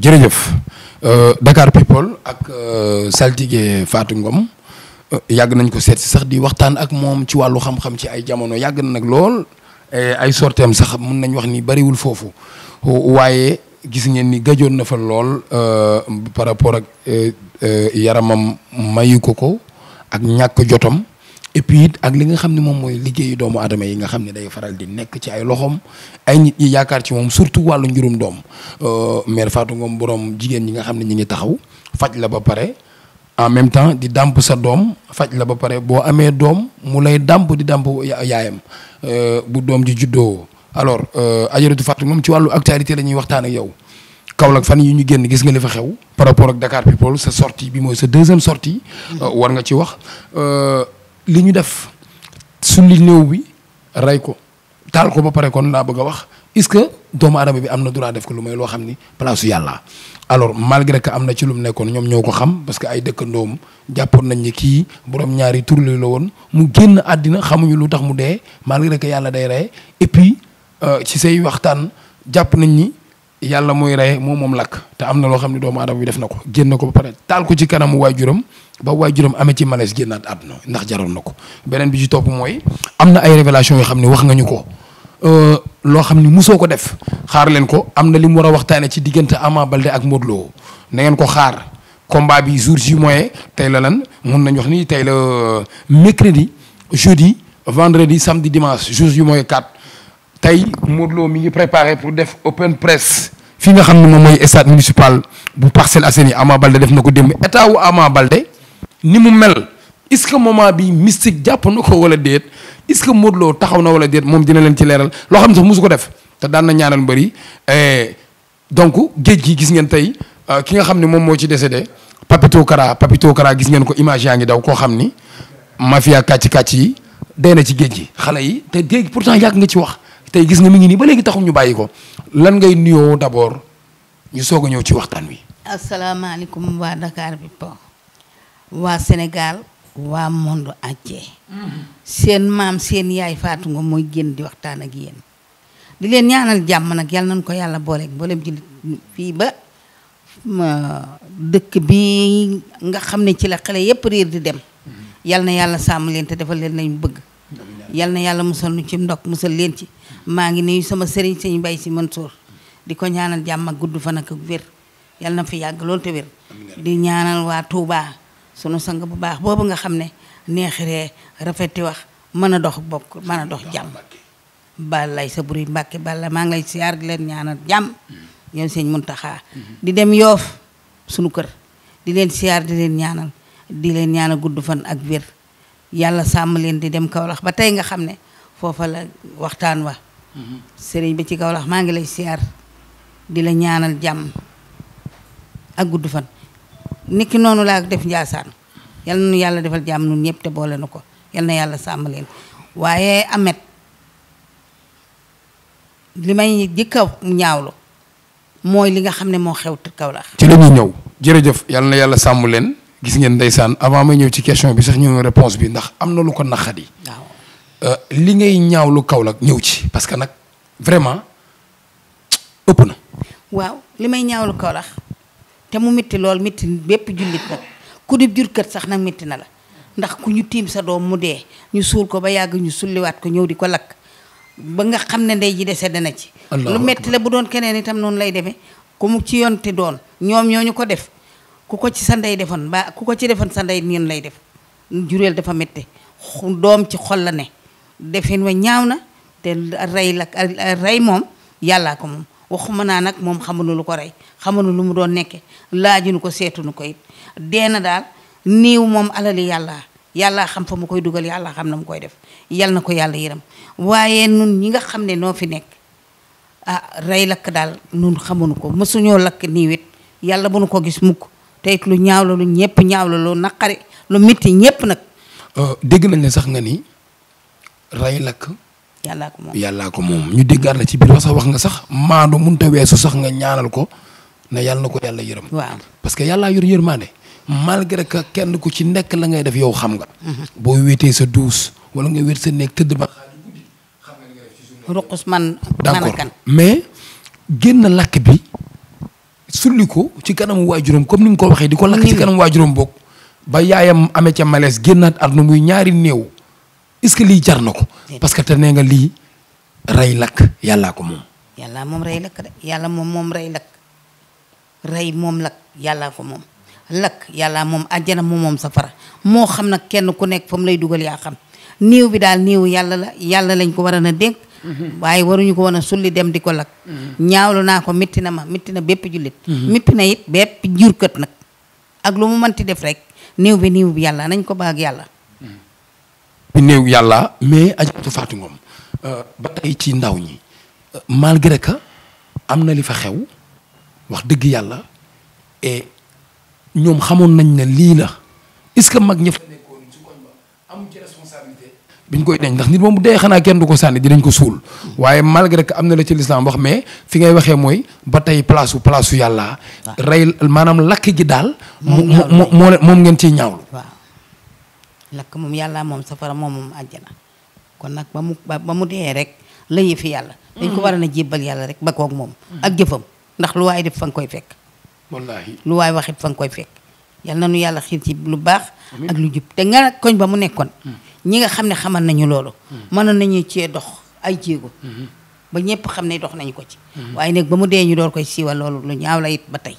jërëjëf euh, Dakar People ak euh, saltige Fatou Ngom euh, yàgg nañ ko seet si sax di waxtaan ak moom ci wàllu xam-xam ci ay jamono yàgg na nag lool ay sorteem sax mun nañ wax ni bariwul foofu waaye gis ngeen ni gajoon na fa lool par rapport ak yaramam mayu ko ko ak ñàkk jotam et puis ak li nga xam ne moom mooy liggéeyu doomu aadama yi nga xam ne day faral di nekk ci ay loxoom ay nit ñi yaakaar ci moom surtout wàllu njurum doom euh, mère Fatou Ngom boroom jigéen ñi nga xam ne ñi ngi taxaw faj la ba pare en même temps di dàmp sa doom faj la ba pare boo amee doom mu lay dàmp di dàmp yaayam euh, bu doom ji juddoo alors euh, ajaratu Fatou Ngom ci wàllu actualité la ñuy waxtaan ak yow Kaolack fan yi ñu génn gis nga li fa xew par rapport ak Dakar People sa sortie bi mooy sa deuxième sortie mm-hmm. war nga ci wax li ñu def sulli néew bi rey ko taal ko ba pare kon naa bëgg a wax est-ce que doomu aadama bi am na droit def ko lu may loo xam ni place yàlla alors malgré que am na ci lu mu nekkoon ñoom ñoo ko xam parce que ay dëkkandoom jàppoon nañ ni kii boroom ñaari turle la woon mu génn àddina xamuñu lu tax mu dee malgré que yàlla day rey et puis euh, ci say waxtaan jàpp nañ ni. yàlla mooy reye moom moom lakk te am na loo xam ne doomu aadama bi def na ko génn ko ba pare taal ko ci kanamu waajuram ba waajuram amee ci malaise génnaat àdduna ndax jaroon na ko beneen bi ci topp mooy am na ay révélation yoo xam ne wax nga ñu ko euh, loo xam ne musoo ko def xaar leen ko am na li mu war a waxtaane ci diggante Ama Baldé ak Modou loo na ngeen ko xaar combat bi jour ji moyen tey la lan mun nañ wax ni tey la euh, mercredi jeudi vendredi samedi dimanche jour ji moyen 4 tey Modou Lo mi ngi préparer pour def open press fi nga xam ne moom mooy stade municipal bu Parcelles Assainies Ama Balde def na ko démb état wu Ama Balde ni mu mel est-ce que moment bi mystique jàpp na ko wala déet est que Modou taxaw na wala déet moom dina leen ci leeral loo xam ne sax su ko def te daan na ñaanal mbëri eh, donc géej gi gis ngeen tey euh, ki nga xam ne moom moo ci décédé Papito Kara Papito Kara gis ngeen ko image yaa ngi daw koo xam ni mafia kàcc kàcc yi dee na ci géej gi xale yi te dégg pourtant yàgg nga ci wax. tey gis nga mi ngi nii ba léegi taxul bàyyi ko lan ngay nuyoo d'abord ñu soog a ñëw ci waxtaan wi. asalaamaaleykum waa dakaar bi po waa Sénégal waa monde entier seen maam seen yaay faatu Ngom mooy génn di waxtaan ak yéen di leen ñaanal jàmm nag yàlla nañ ko yàlla booleeg booleem jullit fii ba dëkk bi nga xam ne ci la xale yépp réer di dem yàlla na yàlla sàmm leen te defal leen lañu bëgg yàlla na yàlla musal nu ci ndok musal leen ci maa ngi nuyu sama sëriñ sëñ Mbaye mën Mansour di ko ñaanal jàmm ak gudd fan ak wér yal na fi yàgg loolu te di ñaanal waa Touba sunu sang bu baax boobu nga xam ne neexiree rafeti wax mën a dox bokk mën a dox jàmm balay sa buri Mbàkke bala maa ngi lay leen ñaanal jàmm ñoom mm-hmm. sëñ Muntaxa mm-hmm. di dem yoof sunu kër di leen siyaar di leen ñaanal di leen ñaanal gudd fan ak wér yàlla sàmm leen di dem Kaolack ba tey nga xam ne foofa la waxtaan wa sëriñ bi ci Kaolack maa ngi lay siyaar di la ñaanal jàmm ak gudd fan niki noonu laa def njaasaan yal na yàlla defal jàmm nun ñëpp te boole na ko yal na yàlla sàmm leen waaye amet li may jëkka ñaawlu mooy li nga xam ne moo xew Kaolack ci la ñuy jërëjëf yal na yàlla sàmm leen gis ngeen ndeysaan avant may ñëw ci question bi sax ñu réponse bi ndax am na lu ko naqadi waaw Euh, li ngay ñaawlu Kaolack ñëw ci parce que nag vraiment ëpp na. waaw li may ñaawlu Kaolack te mu mitti lool mitti bépp jullit nag ku di jurkat sax nag mitti na la ndax ku ñu tiim sa doom mu dee ñu suul ko ba yàgg ñu sulliwaat ko ñëw di ko lakk ba nga xam ne ndey ji dese dana ci. lu metti la bu doon keneen itam noonu lay demee ku mu ci yonte doon ñoom ñoo ñu ko def ku ko ci sa ndey defoon ba ku ko ci defoon sa ndey ñun lay def jureel dafa métti doom ci xol la ne. defin wa ñaaw na te rey la rey moom yàllaa ko moom waxuma naa nag moom xamunu lu ko rey xamunu lu mu doon nekke laajuñu ko nu ko it dee na daal niiw moom alali yàlla yàllaa xam fa mu koy dugal yàlla xam na mu koy def yàlla na ko yàlla yërëm waaye nun ñi nga xam ne noo fi nekk ah rey lakk daal nun xamunu ko mësuñoo lakk niiw it yàlla bu nu ko gis mukk te lu ñaaw la lu ñëpp ñaaw la lu naqari lu mitti ñëpp nag euh, dégg nañ ne sax nga ni ray lakk. yàllaa ko moom yàllaa ko moom ñu déggaat la ci biir wax sax wax nga sax maandu mënut a weesu sax nga ñaanal ko ne yàlla ko yàlla yërëm. waaw parce que yàllaa yor yërmaande. malgré que kenn ku ci nekk la ngay def yow xam nga. Mhm. boo wéetee sa duus wala nga wéet sa néeg tëdd ba. ruqus man. d'accord mais génn lakk bi sulli ko ci kanamu waajuram comme ni nga ko waxee. di ko lakk ci kanamu waajuram boog. ba yaayam amee ca malaise génnaat na muy ñaari néew. est-ce que lii jar na ko. parce que te nee nga lii rey lakk yàllaa ko moom. yàllaa moom rey lakk yàlla moom moom rey lakk rey moom lakk yàllaa ko moom lakk yàllaa moom àjjana moom moom safara moo xam na kenn ku nekk fa mu lay dugal yaa xam néew bi daal néew yàlla la yàlla lañ ko war na dénk. Mm-hmm. waaye waruñu ko woon a sulli dem di ko lakk. Mm-hmm. ñaawlu naa ko métti na ma métti na bépp jullit. Mm-hmm. métti na it bépp jurkat nag ak lu mu mënti def rek néew bi néew bi yàlla nañ ko baag yàlla. bi néew yàlla mais ajatu Fatou Ngom euh, ba tey ci ndaw ñi euh, malgré que am na li fa xew wax dëgg yàlla ñoom xamoon nañ ne lii la est-ce que mag ña fa nekkoon ci koñ ba biñ koy denc ndax nit moom dee xanaa kenn du ko sànni dinañ ko suul waaye malgré am na la ci lislaam wax mais fi ngay waxee mooy ba tey place su place yàlla rey maanaam lakk gi daal moom moo moom ngeen ciy ñaawlu lakk moom yàlla moom safara moom moom àjjana kon nag ba mu ba mu dee rek la fi yàlla dañ ko mm-hmm. war a na jébbal yàlla rek ba koog moom mm-hmm. ak jëfam ndax lu waaye def fa nga koy fekk wallaahi lu waay waxit fa nga koy fekk yal na nu yàlla xiir ci lu baax ak lu jub te nga koñ ba mu nekkoon mm. ñi nga xam ne xamal nañu loolu mm. mënoon nañu cee dox ay jéego mm-hmm. ba ñëpp xam ne dox nañu ko ci waaye nag ba mu dee ñu door koy siiwa loolu lu ñaaw la it ba tey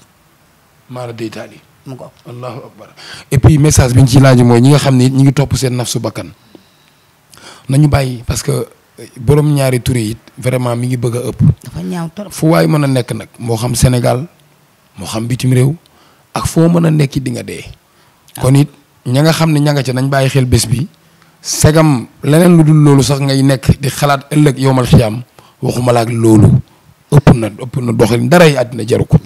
maara mu ko et puis message bi ñu ci laaj mooy ñi nga xam ne ñi ngi topp seen nafsu bakkan nañu bàyyi parce que eh, borom ñaari tur yi vraiment mi ngi bëgg a ëpp. fu waay mën a nekk nag moo xam Sénégal moo xam bitim réew ak foo mën a nekk di nga dee. Ah. kon it ña nga xam ne ñanga ca nañ bàyyi xel bés bi. segam leneen lu dul loolu sax ngay nekk di xalaat ëllëg yowmal xiyaam waxuma la ak loolu. ëpp na ëpp na doxalin dara yi àddina jaru ko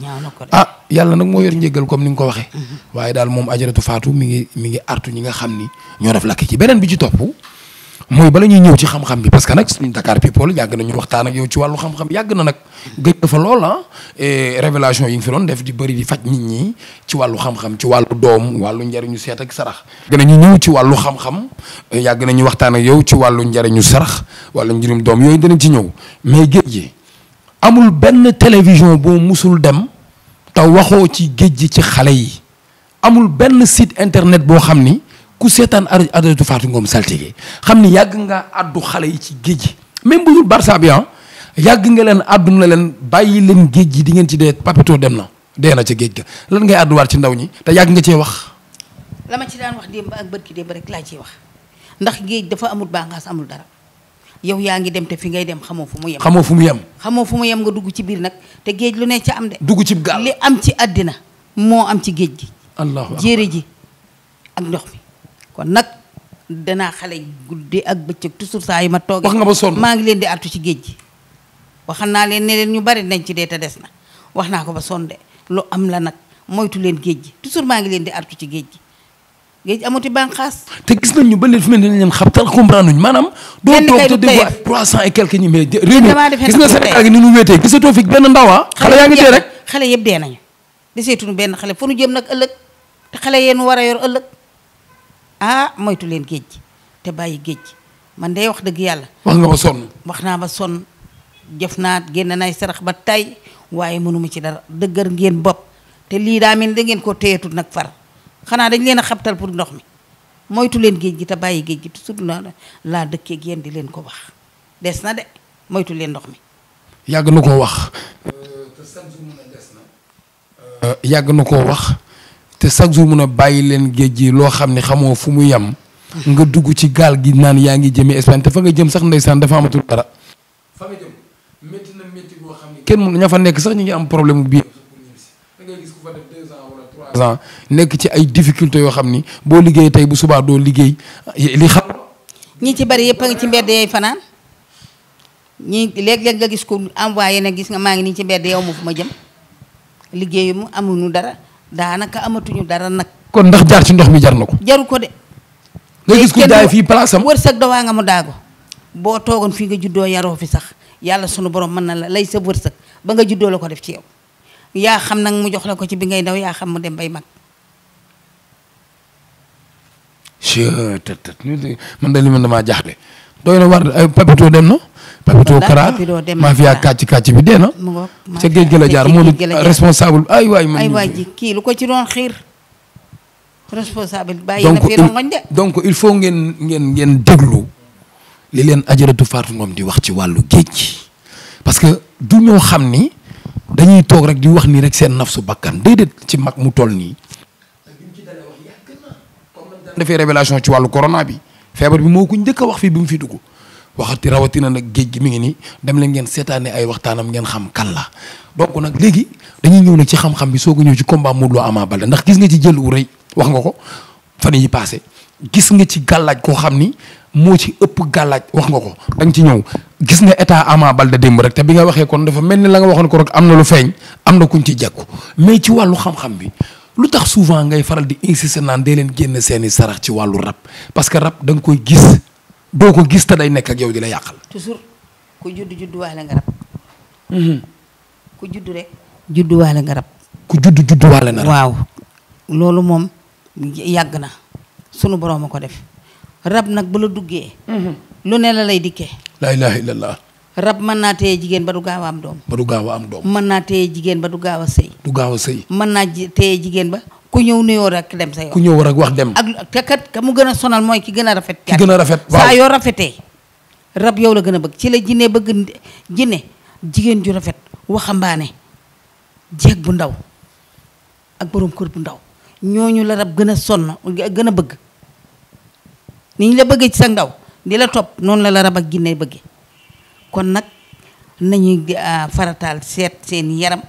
ah yàlla nag moo yor mm-hmm. njéggal comme ni nga ko waxee mm-hmm. waaye daal moom ajaratu faatu mi ngi mi ngi artu ñi nga xam ni ñoo def lakk ci beneen bi ci topp mooy bala ñuy ñëw ci xam-xam bi parce que nag suñu Dakar people yàgg nañu waxtaan ak ci wàllu xam-xam na nag gëj dafa lool ah révélation yi nga fi doon def di bëri di faj nit ñi ci wàllu xam ci wàllu doom wàllu njariñu seet ak sarax gën nañu ci wàllu xam yàgg nañu waxtaan ak yow ci wàllu njariñu sarax wàllu njëriñ doom yooyu dinañ ci ñëw mais géej amul benn télévision boo musul dem te waxoo ci géej gi ci xale yi amul benn site internet boo xam ni ku seetaan ajaratu Fatou Ngom saltige xam ni yàgg nga àddu xale yi ci géej gi même bu dul Barça bi ah, yàgg nga leen àddu na leen bàyyi leen géej gi di ngeen ci dee Papito dem na dee na géej lan ngay àdduwaat ci ndaw ñi te yàgg nga cee wax. la ci daan wax démb ak bët ki démb rek laa ciy wax ndax géej dafa amul bàngaas amul dara. yow yaa ngi dem te fi ngay dem xamoo fu mu yem xamoo fu mu yem xamoo fu mu yem nga dugg ci biir nag te géej lu ne ci am de dugg ci gaal li am ci àddina moo am ci géej gi allahu jéere ji ak ndox mi kon nag danaa xale guddi ak bëccëg toujours saa yu ma toogee wax nga ba sonn maa ngi leen di artu ci géej gi waxan naa leen ne leen ñu bari nañ ci dee te des na wax naa ko ba sonn de lu am la nag moytu leen géej gi toujours maa ngi leen di artu ci géej gi géej amati bànqaas. te gis nañ ñu ba léegi fi mu ne nii dañu leen xabtal comprendre luñ maanaam. kenn kay du tey doo toog te trois cent et quelques ñi mais. réew mi gis benn ndaw ah. xale yaa ngi dee xale yëpp dee nañu. deseetuñu benn xale fu nu jëm nag ëllëg te xale yéen war a yor ëllëg ah moytu leen géej te bàyyi géej man day wax dëgg yàlla. wax nga ba sonn. wax naa ba sonn jëf naa génn naay sarax ba tay waaye mënuma ci dara dëgër ngeen bopp te lii daa mel da ngeen ko téyetul nag far xanaa dañ leen a xabtal pour ndox mi moytu leen géej gi te bàyyi géej gi toujours na laa dëkkee ak yéen di leen ko wax des na de moytu leen ndox mi. yàgg na koo wax. Euh, te chaque jour mun a euh, yàgg na koo wax te chaque jour mun a bàyyi leen géej gi loo xam ne xamoo fu mu yem. nga dugg ci gaal gi naan yaa ngi jëmee Espagne te fa nga jëm sax ndeysaan dafa amatul dara. fa nga jëm fa nekk sax ñu ngi am problème bii ans nekk ci ay difficultés yoo xam ni boo liggéey tey bu subaa doo liggéey li xam. ñi ci bari yëpp a ngi ci mbedd yay fanaan ñi léeg-léeg nga gis ko envoyé na gis nga maa ngi nii ci mbedd yow ma fu ma jëm liggéeyu mu amuñu dara daanaka amatuñu dara nag. kon ndax jaar ci ndox mi jar na ko. jaru ko de. nga gis ku jaay fii place am wërsëg dawaa nga mu ko boo toogoon fii nga juddoo yaroo fi sax yàlla sunu borom mën na la lay sa wërsëg ba nga juddoo la ko def ci yow. yaa xam nag mu jox la ko ci bi ngay ndaw yaa xam mu dem bay mag. je te te man de li man damaa jaaxle. doy na war ay papito dem na. papito kara maa fi kàcc kàcc bi dee na. ca géej gi la jaar moo di responsable ay waay man ay kii lu ko ci doon xiir. responsable bàyyi na fi rongoñ de. donc il faut ngeen ngeen ngeen déglu. li leen ajaratu Fatou Ngom di wax ci wàllu géej gi. parce que du ñoo xam ni. dañuy toog rek di wax nii rek seen su bakkan déedéet ci mag mu toll nii. defee révélation ci wàllu corona bi feebar bi moo ko njëkk a wax fii bi mu fi dugg waxati rawatina nag géej gi mi ngi nii dem leen ngeen seetaane ay waxtaanam ngeen xam kan la donc nag léegi dañuy ñëw nag ci xam-xam bi soog a ñëw ci combat Modou Lo amaa bale ndax gis nga ci jël wu rëy wax nga ko fan yi passé gis nga ci gàllaaj koo xam ni moo ci ëpp gàllaaj wax nga ko da ci ñëw gis nga état Ama Baldé démb rek te bi nga waxee kon dafa mel ni la nga waxoon ko rek am na lu feeñ am na ku ñu ci jekku mais ci wàllu xam-xam bi lu tax souvent ngay faral di insister naan de leen génn seeni sarax ci wàllu rab parce que rab danga koy gis doo ko gis te day nekk ak yow di la yàqal. toujours ku judd judduwaale nga rab. Mhm. ku judd rek. wax nga rab. ku judd judduwaale na rab waaw. loolu moom yàgg na sunu borom a ko def. rab nag bu la duggee. Mhm. lu ne la lay dikkee. la ilaha illallah. rab mën naa téye jigéen ba du gaaw a am doom. ba mën naa téye jigéen ba du gaaw a sëy. du gaaw a sëy. mën naa téye jigéen ba. ku ñëw nuyoo rek dem sa yoon. ku ñëw ak wax dem. ak te ka mu gën a sonal mooy ki gën a rafet. ki gën a rafet waaw saa yoo rafetee. rab yow la gën a bëgg ci la jinne bëgg jinne jigéen ju rafet waxambaane jeeg bu ndaw ak borom kër bu ndaw ñooñu la rab gën a sonn gën a bëgg. ni ñu la bëggee ci sa ndaw di la topp noonu la la rab ak ginne bëgge kon nag nañuy ah, farataal seet seen yaram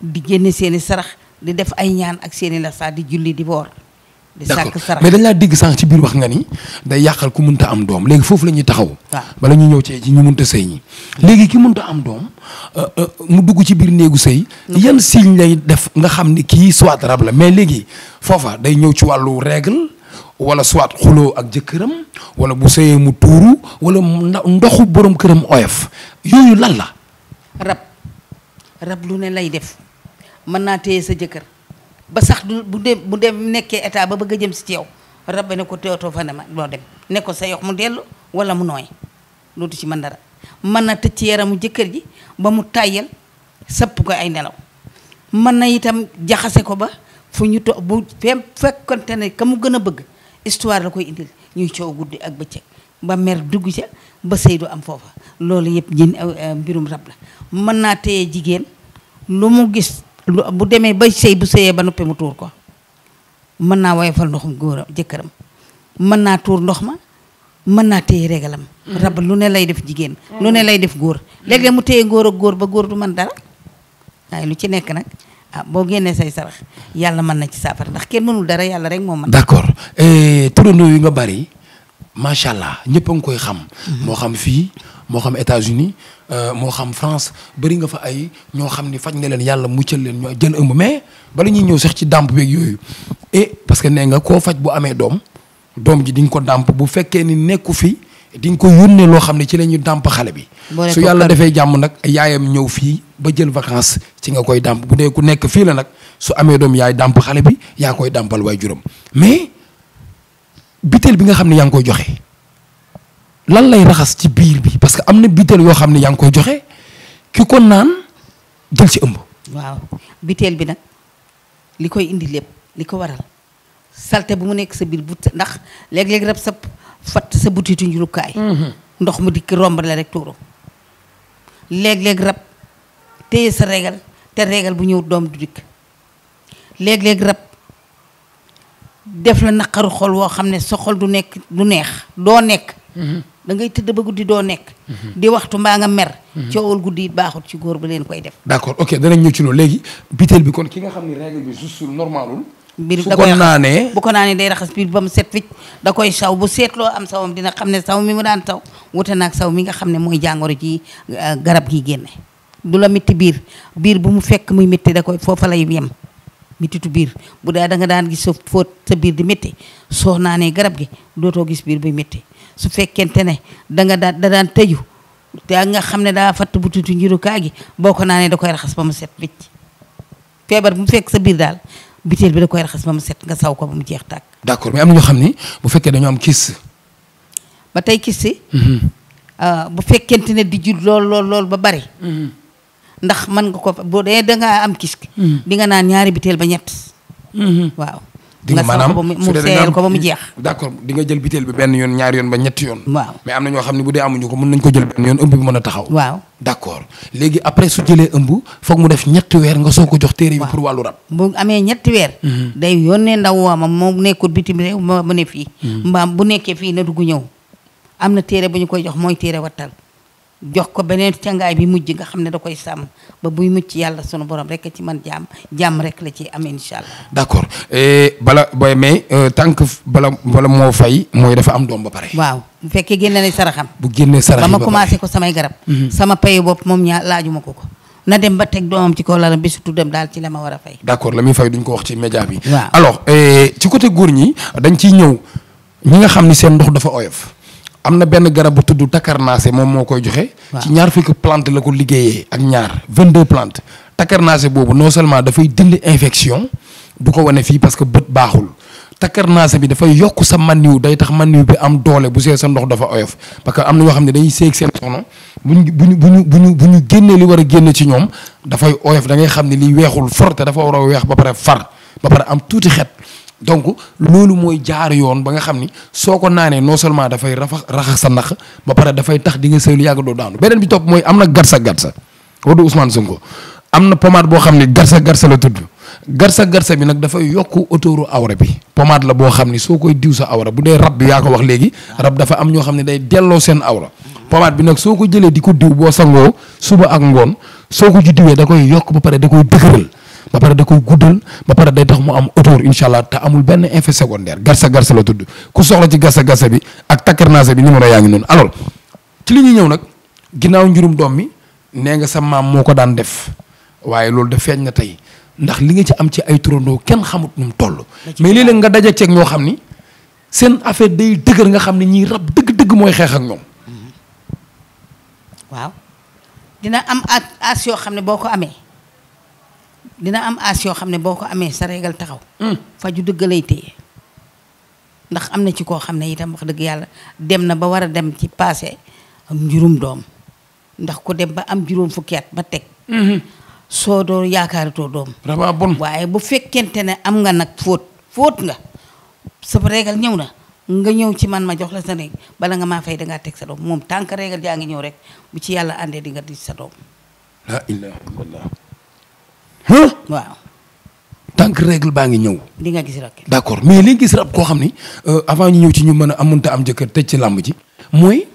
di génne seeni sarax di def ay ñaan ak seeni lasa di julli di boor di sàkk sarax mais dañ laa dégg sànq ci biir wax nga ni day yàqal ku munta am doom léegi foofu la ñuy taxaw waaw bala ñu ñëw ci ñu munta sëy ñi léegi ki munta am doom euh, euh, mu dugg ci biir néegu sëy yan signe lay def nga xam ni kii soit rab la mais léegi foofa day ñëw ci wàllu règle wala soit xuloo ak jëkkëram wala bu sëyee mu tuuru wala ndoxu boroom këram oyof yooyu lan la rab rab lu ne lay def mën naa téye sa jëkkër ba sax du bu dem bu dem nekkee état ba bëgg a jëm si ci yow rab ba ne ko teewtoo fa ma loo dem ne ko sa yox mu dellu wala mu nooy loolu ci mën dara mën na tëj ci yaramu jëkkër ji ba mu tàyyal sëpp ko ay nelaw mën na itam jaxase ko ba fu ñu to bu fekkonte ne ka mu gën a bëgg histoire la koy indil ñuy coow guddi ak bëccëg ba mer dugg ca ba sëy du am foofa loolu yëpp jin euh, euh, mbirum rab la mën naa téye jigéen lu mu gis bu demee ba sëy bu sëyee ba noppi mu tuur ko mën naa woyofal ndoxum góoram jëkkëram mën naa tuur ndox ma mën naa téye régalam mm. rab lu ne lay def jigéen lu mm. ne lay def góor léeg mu téye ngóor ak góor ba góor du mën dara waaye lu ci nekk nag ah boo génnee say sarax yàlla mën na ci saafara ndax kenn mënul dara yàlla rek moo mën. d'accord eh, turandoo yu nga bari macha allah ñëpp a ngi koy xam. Mhm. moo xam fii moo xam États-Unis euh, moo xam France bari nga fa ay ñoo xam ni faj nga leen yàlla mu muccal leen ñoo jën ëmb mais bala ñuy ñëw sax ci dàmp beeg yooyu et eh, que nee nga koo faj bu amee doom doom ji di ko dàmp bu fekkee ni nekku fi. dinga nga ko yónnee loo xam ne ci la ñu dàmp xale bi su yàlla defee jàmm nag yaayam ñëw fii ba jël vacance ci nga koy dàmp bu dee ku nekk fii la nag su amee doom yaay dàmp xale bi yaa koy dàmpal waay juróom mais biteel bi nga xam ne yaa ngi koy joxe lan lay raxas ci biir bi parce que am na biteel yoo xam ne yaa ngi koy joxe ki ko naan jël ci ëmb waaw biteel bi nag li koy indi lépp li ko waral salte bu mu nekk sa biir bu ndax léeg-léeg rab sëpp fatt sa butitu njurukaay ndox mu dikk romb la rek tuuru léeg-léeg rab téye sa régal te régal bu ñëw doom du dikk léeg-léeg rab def la naqaru xol woo xam ne sa xol du nekk du neex doo nekk da ngay tëdd ba guddi doo nekk di waxtu mbaa nga mer coowal guddi it baaxut ci góor ba leen koy def d'accord ok danañ ñëw ci loolu léegi biteel bi kon ki nga xam ni règle bi juste normalul mbir da koy naa bu ko naanee day raxas biir ba mu set wicc da koy saw bu seetloo am sawam dina xam ne saw mi mu daan saw wute naag saw mi nga xam ne mooy jàngoro ci euh, garab gi génne du la métti biir biir bu mu fekk muy métti da koy foofa lay yem méttitu biir bu daa da nga daan gis fóot sa biir di métti soo naanee garab gi dootoo gis biir buy métti su fekkente ne da nga daan da daan tëju daa nga xam ne daa fatt bu tuuti njurukaay gi boo ko naanee da koy raxas ba mu set wicc feebar bu mu fekk sa biir daal biteel bi da koy raxas ba mu set nga saw ko ba mu jeex tàkk. d'accord mais am na ñoo xam ni bu fekkee dañoo am kiis. ba tey kis si. Mhm. Euh, bu fekkente ne di jur lool lool lool ba bari. Mhm. ndax mën nga ko boo dee da ngaa am kiis. Mhm. di nga naan ñaari biteel ba ñett. waaw. di nga maanaam mu seeyal ko ba mu jeex d' accord di nga jël biteel bi benn yoon ñaar yoon ba ñetti yoon waaw mais am na ñoo xam ne bu dee amuñu ko mën nañ ko jël benn yoon ëmb bi mën a taxaw waaw léegi après su jëlee ëmb foog mu def ñetti weer nga soo ko jox téere bi pour wàllu rab bu amee ñetti weer mm-hmm. day yónnee ndaw wooma moom nekkul bitim réew ma mu ne fii mm-hmm. mbaam bu nekkee fii na dugg ñëw am na téere bu ñu koy jox mooy téere wattal jox ko beneen càngaay bi mujj nga xam ne da koy sàmm ba buy mucc yàlla sunu borom rek ci man jàmm jàmm rek la ci am incha allah. d' accord eh, bala booy mais euh, tant que bala bala moo fay dafa am doom ba pare. waaw bu fekkee génne na saraxam. bu génne sarax ba ma commencé ko samay garab. Mhm. sama paye bopp moom ñaa laajuma ko ko. na dem ba teg doomam ci kaw lalam bi surtout dem daal ci la ma war a fay. la muy fay duñ ko wax ci média bi. waaw alors eh, ci côté góor ñi dañ ci ñëw ñi nga xam ni seen ndox dafa oyof. am na benn garab bu tuddu takarnaase moom moo koy joxe. ci ñaar fukki plante la ko liggéeyee ak ñaar vingt deux plant takarnaase boobu non seulement dafay dindi infection du ko wone fii parce que bët baaxul takarnaase bi dafay yokk sa man maniw day tax man maniw bi am doole bu see sa ndox dafa oyof parce que am na ñoo xam ne dañuy seeg seen soxna bu ñu bu ñu bu ñu bu ñu ñu génnee li war a génn ci ñoom dafay oyof dangay xam ne liy weexul forte dafa war a weex ba pare far ba pare am tuuti xet. donc loolu mooy jaar yoon ba nga xam ni soo ko naanee non seulement dafay rafax raxas sa nax ba pare dafay tax di nga sëy lu yàgg doo daanu beneen bi topp mooy am na garsa garsa wadu Ousmane Sonko am na pomade boo xam ni garsa garsa la tudd garsa garsa bi nag dafay yokk autouru awra bi pomade la boo xam ni soo koy diw sa awra bu dee rab bi yaa ko wax léegi rab dafa am ñoo xam ne day delloo seen awra pomade bi nag soo ko jëlee di ko diw boo sangoo suba ak ngoon soo ko ci diwee da koy yokk ba pare da koy dëgëral ba pare da koy guddal ba pare day tax mu am autour incha allah te amul benn effet secondaire garsa garsa la tudd ku soxla ci garsa garsa bi ak takkarnaase bi numéro yaa ngi noonu alors ci li ñuy ñëw nag ginnaaw njurum doom mi nee nga sa maam moo ko daan def waaye loolu da feeñ na tey ndax li nga ci am ci ay turandoo kenn xamut nu mu toll. mais léeg nga daje ceeg ñoo xam ni seen affaire day dëgër nga xam ne ñii rab dëgg-dëgg mooy xeex ak ñoom. waaw as yoo xam ne boo ko dina am aas yoo xam ne boo ko amee sa régal taxaw. Hmm. faju dëgg lay téye. ndax am na ci koo xam ne itam wax dëgg yàlla dem na ba war a dem ci passé ak njurum doom ndax ku dem ba am juróom fukki ba teg. Hmm. soo doo yaakaaratoo doom. vraiment waaye bu fekkente ne am nga nag fóot fóot nga sa régal ñëw na. nga ñëw ci man ma jox la sa néeg bala nga maa fay dangaa teg sa doom moom tànk régal jaa ngi ñëw rek bu ci yàlla àndee di nga di sa doom waaw. tant que règle baa ngi ñëw. di nga gis rab d' accord mais li koo xam ni euh, avant ñu ñëw ci ñu mën a amunta am jëkkër tëj ci làmb ji. mooy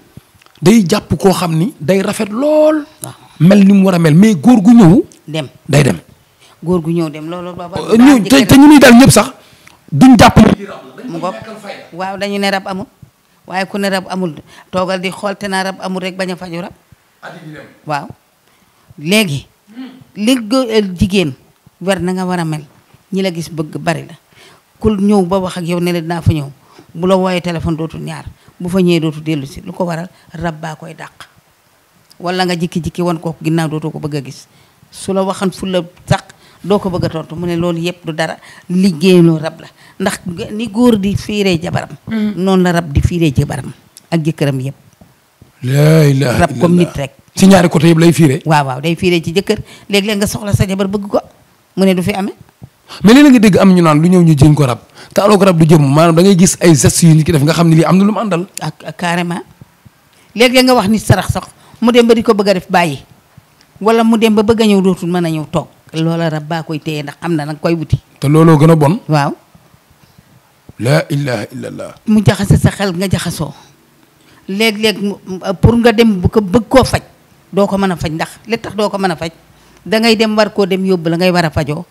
day jàpp koo xam ni day rafet lool. Ah. mel ni mu war a mel mais góor gu ñëw. dem day dem. góor gu ñëw dem loolu ba euh, ñu te daal ñëpp sax duñ jàpp. mu ngoog waaw dañu ne rab amul. waaye ku ne rab amul toogal di xool te naa rab amul rek bañ a faju rab. waaw léegi. li eh, jigéen war na nga war a mel ñi la gis bëgg bari la kul ñëw ba wax ak yow ne la fa ñëw bu la wooyee téléphone dootul ñaar bu fa ñëwee dootu dellu si lu ko waral rab baa koy dàq walla nga jikki-jikki wan kooku ginnaaw dootoo ko bëgg a gis su la waxan fu sax doo ko bëgg a tontu mu ne loolu yëpp du dara liggéeyaloo rab la ndax ni góor di fiiree jabaram mm. noonu la rab di fiiree jabaram ak jëkkëram yépp laa ilaaha rab comme nit ñaari côté yëpp lay fiire. waaw waaw day fiire ci jëkkër léeg-léeg nga soxla sa jabar bëgg ko mu ne du fi amee. nga dégg am ñu naan lu ñëw ñu jën ko rab te alors rab du jëm maanaam da ngay gis ay gestes yu ki def nga xam ne lii am na mu àndal. ak carrément léeg-léeg nga wax nit sarax sax mu dem ba di ko bëgg a def bàyyi wala mu dem ba bëgg ñëw dootul mën a ñëw toog loola rab baa koy téye ndax am na nag koy wuti. te looloo gën a bon. waaw. mu jaxase sa xel nga jaxasoo léeg-léeg euh, pour nga dem bu ko bëgg koo faj doo ko mën a faj ndax li tax doo ko mën a faj dangay dem war koo dem yóbbu la ngay war a fajoo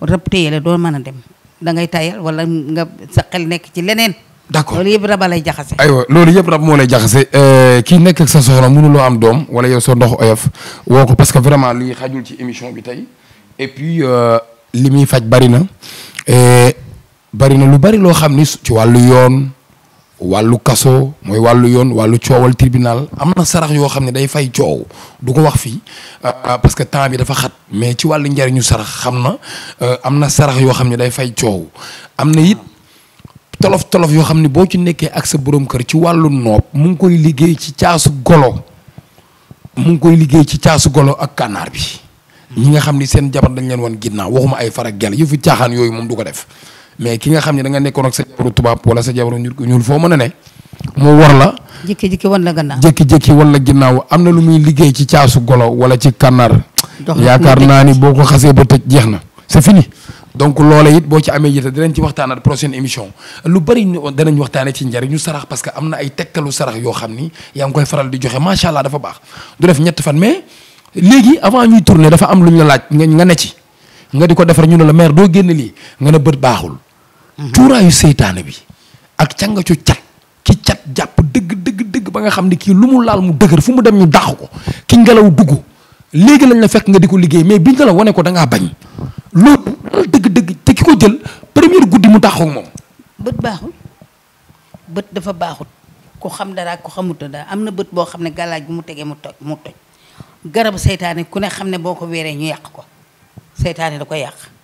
rab téye la doo mën a dem dangay tayal wala nga sa xel nekk ci leneen. d'accord loolu yëpp rab a lay jaxase. aywa loolu yëpp rab moo lay jaxase euh, kii nekk sa soxna mënuloo am doom wala yow soo ndox oyof woo ko parce que vraiment lii xajul ci émission bi tey et puis euh, li muy faj bari na bari na lu bari loo xam ni ci wàllu yoon. wàllu kaso mooy wàllu yoon wàllu coowal tribunal am na sarax yoo xam ne day fay coow du ko wax fii euh, parce que temps bi dafa xat mais ci wàllu njariñu sarax xam na euh, am na sarax yoo xam ne day fay coow am na it tolof tolof yoo xam ne boo ci nekkee ak sa borom kër ci wàllu noob mu ngi koy liggéey ci caasu golo mu ngi koy liggéey ci caasu golo ak kànnaar bi ñi nga xam ni seen jabar dañ leen wan ginnaaw waxuma ay farak gel yëfu caaxaan yooyu moom du ko def mais ki nga xam ne da nga nekkoon ak sa jabaru tubaab wala sa jabaru ñuul ñuul foo mën a ne mu war la. jékki-jékki wan la gannaaw jékki-jékki wan la ginnaaw am na lu muy liggéey ci caasu golo wala ci kànnaar. yaakaar naa ni boo ko xasee ba tëj jeex na c'est fini. donc loolee it boo ci amee yita dinañ ci waxtaanaat prochaine émission lu bëri danañ waxtaanee ci njariñu sarax parce que am na ay tegtalu sarax yoo xam ni yaa ngi koy faral di joxe macha allah dafa baax du def ñett fan mais léegi avant ñuy tourner dafa am lu ñu la laaj nga ne ci nga di ko defar ñu ne la maire doo génn lii nga bët baaxul Mhm. cuuraayu seytaane bi ak cangacu cat ki cat jàpp dëgg dëgg dëgg ba nga xam ne kii lu mu laal mu dëgër fu mu dem ñu dàq ko ki ngelaw dugg léegi lañ la fekk nga di ko liggéey mais biñ la la wane ko da bañ loolu dëgg dëgg te ki ko jël première guddi mu dàq moom. bët baaxul bët dafa baaxut ku xam dara ku xamut dara am na bët boo xam ne gàllaaj bu mu tegee mu toj mu toj garabu seytaane ku ne xam ne boo ko weeree ñu yàq ko seytaane da ko yàq.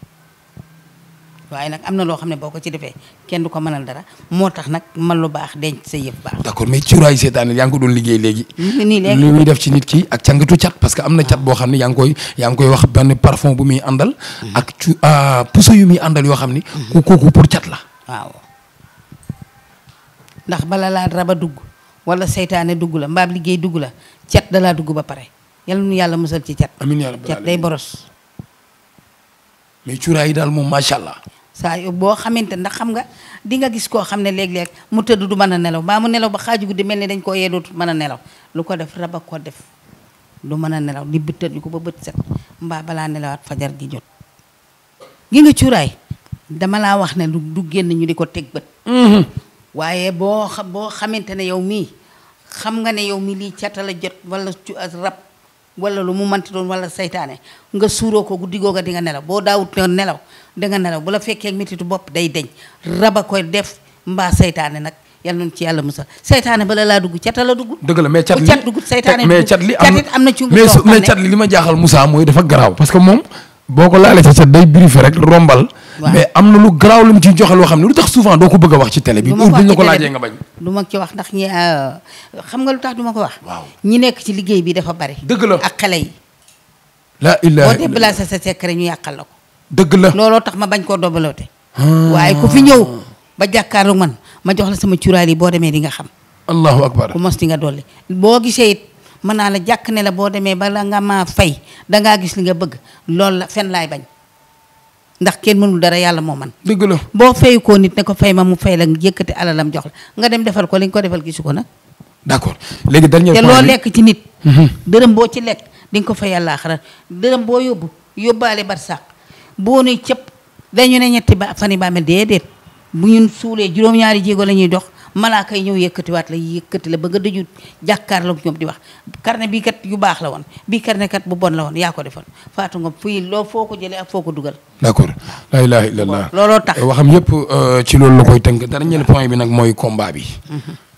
waaye nag am na loo xam ne boo ko ci defee kenn du ko mënal dara moo tax nag man lu baax denc sa yëf baax d'accord mais cuuraayu seetaan yaa ngi ko doon liggéey léegi nii léegi lu muy def ci nit ki ak cangatu cat parce que am na cat boo xam ne yaa yaa ngi koy wax benn parfum bu muy àndal ak cu ah, puso yu muy àndal yoo xam ni ku kooku pour cat la waaw bala laa raba dugg wala seytaane dugg la mbaam liggéey dugg la cat dalaa dugg ba pare yal yàlla musal ci cat amiin cat day boros cuuraay yi daal moom macha allah saa yo boo xamante ndax xam nga dinga gis koo xam ne léeg-léeg mu tëdd du mën a nelaw mbaa mu nelaw ba xaaju guddi mel ni dañ koo yee mën a nelaw lu ko def ak ko def du mën a nelaw di bëtër ñu ko ba bët set mbaa balaa nelawaat fajar gi jot gi nga cuuraay dama laa wax ne lu du génn ñu di ko teg bët mm-hmm. waaye boo boo xamante ne yaw mii xam nga ne yow mii lii catala jot wala rab wala lu mu manti doon wala seytaane nga suuroo ko guddi googa di nga nelaw boo daawut nelaw da nga nelaw bu la fekkeek métitu bopp day deñ a koy def mbaa seytaane nag yal nañu ci yàlla musal saytaane bala laa dugg cat la dugg. dëgg la mais cat li cat dugg saytaane mais cat li am na ci mais cat li li ma jaaxal Moussa mooy dafa garaaw parce que moom boo ko laalee sa cat day biri fe rek rombal mais am na lu garaaw lu mu ciy joxe loo xam ne lu tax souvent doo ko bëgg a wax ci télé bi. buñ la ko laajee nga bañ. du ma ci wax ndax ñi euh, xam nga lu tax du ma ko wax. waaw ñi nekk ci liggéey bi dafa bari. dëgg ak xele yi. la boo déplacé sa secret ñu yàqal ko. dëgg la looloo tax ma bañ koo dobaloote. Ah. waaye ku fi ñëw ba jàkkaaru man ma jox la sama cuuraay yi boo demee di nga xam. allahu akbar ku nga dolli boo gisee it mën naa la jàkk ne la boo demee bala nga maa fay dangaa gis li nga bëgg loolu la fen laay bañ ndax kenn mënul dara yàlla moo man dëgg la boo fay koo nit ne ko fay ma mu fay la yëkkati alalam jox la nga dem defal ko li nga ko defal gisu ko nag. d'accord léegi dernier point te loo lekk ci nit. Mhm. dërëm boo ci lekk di nga ko fay yàlla xaral dërëm boo yóbbu yóbbaale barsàq boo ne cëpp dañu ne ñetti ba fan yi ba amee déedéet bu ñun suulee juróom-ñaari jéego la ñuy dox. malaaka yi ñëw yëkkatiwaat la yëkkati la ba nga dañu jàkkaarloog ñoom di wax carnet bii kat yu baax la woon bii carnet kat bu bon la woon yaa ko defoon Fatou Ngom fii loo foo ko jëlee ak foo ko dugal d'accord la ilaha illallah looloo tax waxam yëpp euh, ci loolu la koy tënk dernier point bi nag mooy combat bi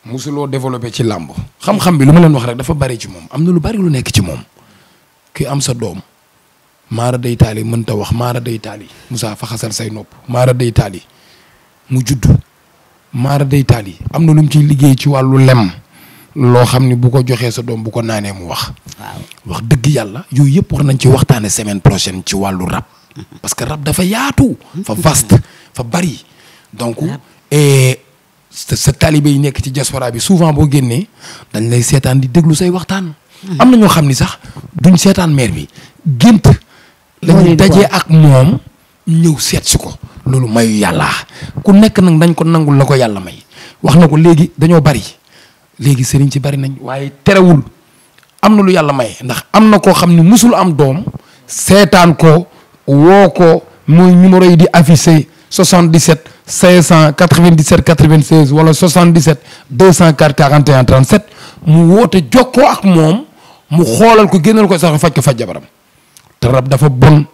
musuloo mm-hmm. développé ci làmb xam-xam bi lu ma leen wax rek dafa bari ci moom am na lu bari lu nekk ci moom ki am sa doom maara day taali mënta wax maara day taali Moussa fa xasal say nopp maara day mu juddu maara dey taal yi am na lu mu ciy liggéey ci wàllu lem loo xam ni bu ko joxee sa doom bu ko naanee mu wax. wax dëgg yàlla yooyu yëpp war nañ ci waxtaane semaine prochaine ci wàllu rab. Mm-hmm. parce que rab dafa yaatu. fa mm-hmm. vaste fa bari. donc eh, sa sa taalibe yi nekk ci diaspora bi souvent boo génnee dañ lay seetaan di déglu say waxtaan. Mm-hmm. am na ñoo xam ni sax duñ seetaan mère bi gént. lañuy dajee ak moom ñëw seet si ko. loolu mayu yàlla ku nekk nag dañ ko nangul la ko yàlla may wax na ko léegi dañoo bari léegi sëriñ ci bari nañ waaye terewul am na lu yàlla may ndax am na koo xam ni musul am doom seetaan ko woo ko mooy numéro yi di affiché 77 597 96 wala 77 241 37 mu woote jokkoo ak moom mu xoolal ko génnal ko sax faj ko faj jabaram te rab dafa bon.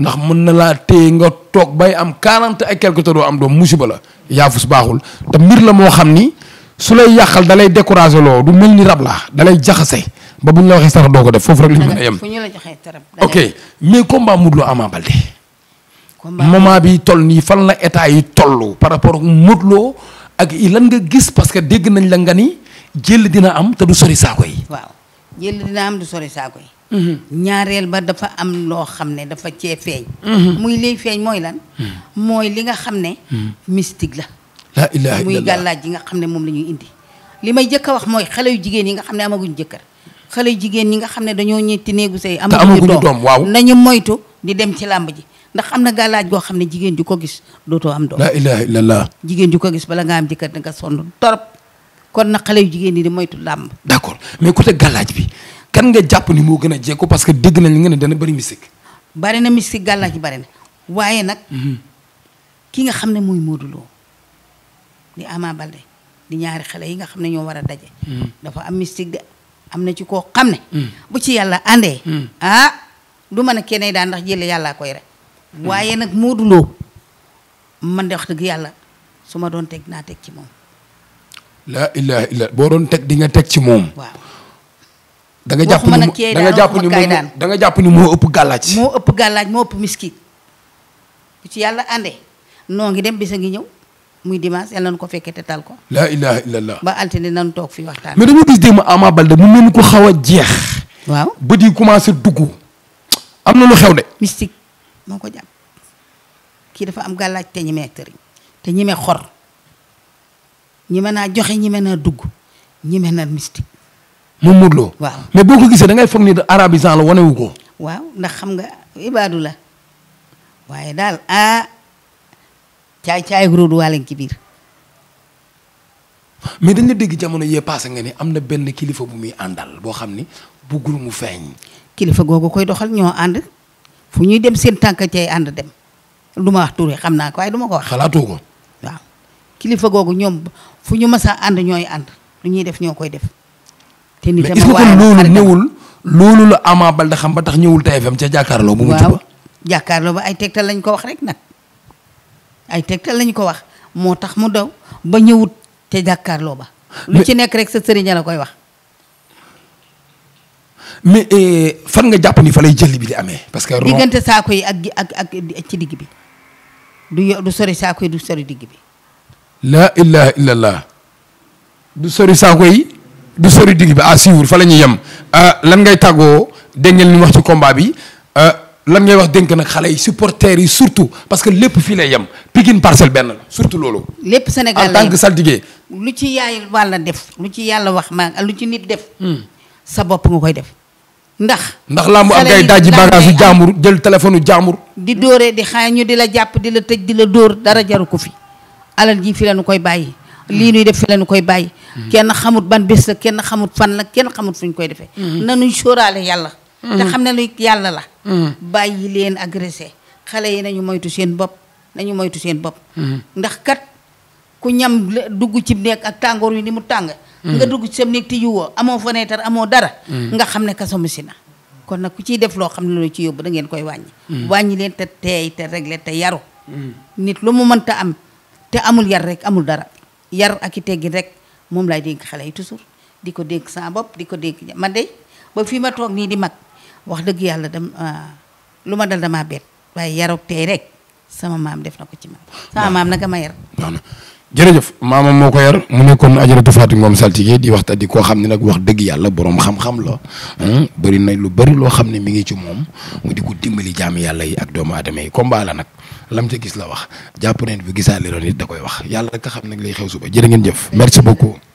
ndax mën na laa téye nga toog bay am quarante et quelque te doo am doom musiba la yaafus baaxul te mbir la moo xam ni su lay yàqal da lay découragé loo du mel ni rab la dalay jaxase ba bu ñu la waxee sax doo ko def foofu rek lañ mën a yem ok mais combat Modou Lô Ama Baldé moment bi tol nii fan la état yi toll par rapport ak Modou Lô ak i lan nga gis parce que dégg nañ la nga ni jël dina am te du sori saako yi waaw jël saako yi ñaareel ba dafa am loo xam ne dafa cee feeñ mhm. muy liy feeñ mooy lan mhm. mooy li nga xam ne mhm. mystique la la ilaha illallah muy gàllaaj yi nga xam ne moom la ñuy indi li may jëkk a wax mooy xale yu jigéen yi nga xam ne amaguñ jëkkër xale yu jigéen yi nga xam ne dañoo ñetti néegu say amaguñu doom waaw nañu moytu di dem ci làmb ji ndax am na gàllaaj goo xam ne jigéen ju ko gis dootoo am doom la jigéen ju ko gis bala nga am jëkkër da nga sonn torop kon na xale yu jigéen yi di moytu làmb d'accord mais côté gàllaaj bi kan nga jàpp ni moo gën a jekku parce que dégg nañ li nga ne dana bëri mystique. bari na mystique gàllaaj bari na waaye nag. Mhm. ki nga xam ne mooy Modou Lo di Ama Baldé di ñaari xele yi nga xam ne ñoo war a daje. Mhm. dafa am mystique de am na ci koo xam ne. Mhm. bu ci yàlla àndee. Ah, du mën a kenn keneen daan ndax jële yàllaa koy rek. waaye nag Modou Lo man de wax dëgg yàlla su ma doon teg naa teg ci moom. laa ilaaha illa boo doon teg di teg ci moom. da nga jàpp ni da nga jàpp ni da nga jàpp ni moo ëpp gàllaaj moo ëpp gàllaaj moo ëpp miskit bu ci yàlla àndee noo ngi dem bisa ngi ñëw muy dimanche yàlla nañu ko fekkee te tal ko laa ilaha illallah ba altine nañu toog fii waxtaan mais dama gis démb Ama Baldé mu mel ni ko xaw a jeex waaw bët yi commencé dugg am na lu xew de mystique moo ko jàpp kii dafa am gàllaaj te ñi mee tëriñ te ñi xor ñi mën naa joxe ñi mën naa dugg ñi mën naa mystique moom Modou Lo waaw mais boo ko gisee da ngay foog ni arabisant la wane ko. waaw ndax xam nga ibaadu la waaye daal ah caay caay ruudu waa leen biir. mais dañ la dégg jamono yee paase nga ni am na benn kilifa bu muy àndal boo xam ni buggul mu feeñ. kilifa googu koy doxal ñoo ànd fu ñuy dem seen tànk cay ànd dem du ma wax tur xam naa ko waaye du ko wax. xalaatoo ko. waaw kilifa googu ñoom fu ñu mës a ànd ñooy ànd lu ñuy def ñoo koy def. te ni sama waaye loolu ñëwul loolu la Ama Baldé xam ba tax ñëwul TFM ca jàkkaarloo bu mujj ba jàkkaarloo ba ay tegtal lañ ko wax rek nag ay lañ ko wax moo tax mu daw ba ñëwut te jàkkaarloo ba lu ci nekk rek sa sëriñ la koy wax mais eh, fan nga jàpp ni fa lay jëli bi di amee parce que diggante saako yi ak ak ak ci digg bi du du sori saako yi du sori digg bi laa ilaha illallah du sori saako yi du sori digg bi à suivre fa la ñuy yem euh, lan ngay tàggoo dégg ngeen li wax ci combat bi euh, lan ngay wax dénk nag xale yi supporters yi surtout parce que lépp fii lay yem Pikine Parcelles benn la surtout loolu. lépp Sénégal la en tant lu ci yaay wàlla def lu ci yàlla wax maa lu ci nit def. Hmm. sa bopp nga koy def. ndax ndax lambu am ngay dajji bagage jaambur jël téléphone jaambur. di dóore di xaay ñu di la jàpp di la tëj di la dóor dara jaru ko fi alal ji fi la ñu koy bàyyi. lii nuy def fi lañu koy bàyyi kenn xamut ban bés la kenn xamut fan la kenn xamut fuñ koy defee mm-hmm. nanuy sooraale yàlla mm-hmm. te xam ne luy yàlla la mm-hmm. bàyyi leen agressé xale yi nañu moytu seen bopp nañu moytu seen bopp ndax kat ku ñam dugg ci nekk ak tàngoor yi ni mu tàng nga dugg ci sam néeg ti amoo fenêtre amoo dara nga xam ne kaso musi na kon na ku ciy def loo xam ne lu ci yóbbu dangeen koy wàññi wàññi leen te teey te réglé te yaru nit lu mu mënta am te amul yar rek amul dara yar ak i teggin rek moom laay dénk xale yi toujours di ko dénk sa bopp di ko dénk man de ba fii ma toog nii di mag wax dëgg yàlla dem ah, lu ma dal damaa bett waaye yarok tey rek sama maam def na ko ci man sama maam nag ma yar jërëjëf maamam moo ko yar mu nekkoon ajaratu Fatou Ngom Saltigué di waxtaan di ko xam ne nag wax dëgg yàlla boroom xam-xam la hmm, bëri na lu bari loo xam ne mi ngi ci moom mu di ko dimbali jaami yàlla yi ak doomu aadama yi combat la nag lam ca gis la wax jàpp neen bu gisaa li doon it da koy wax yàlla ka xam nag liy xew suba jërë ngeen jëf merci beaucoup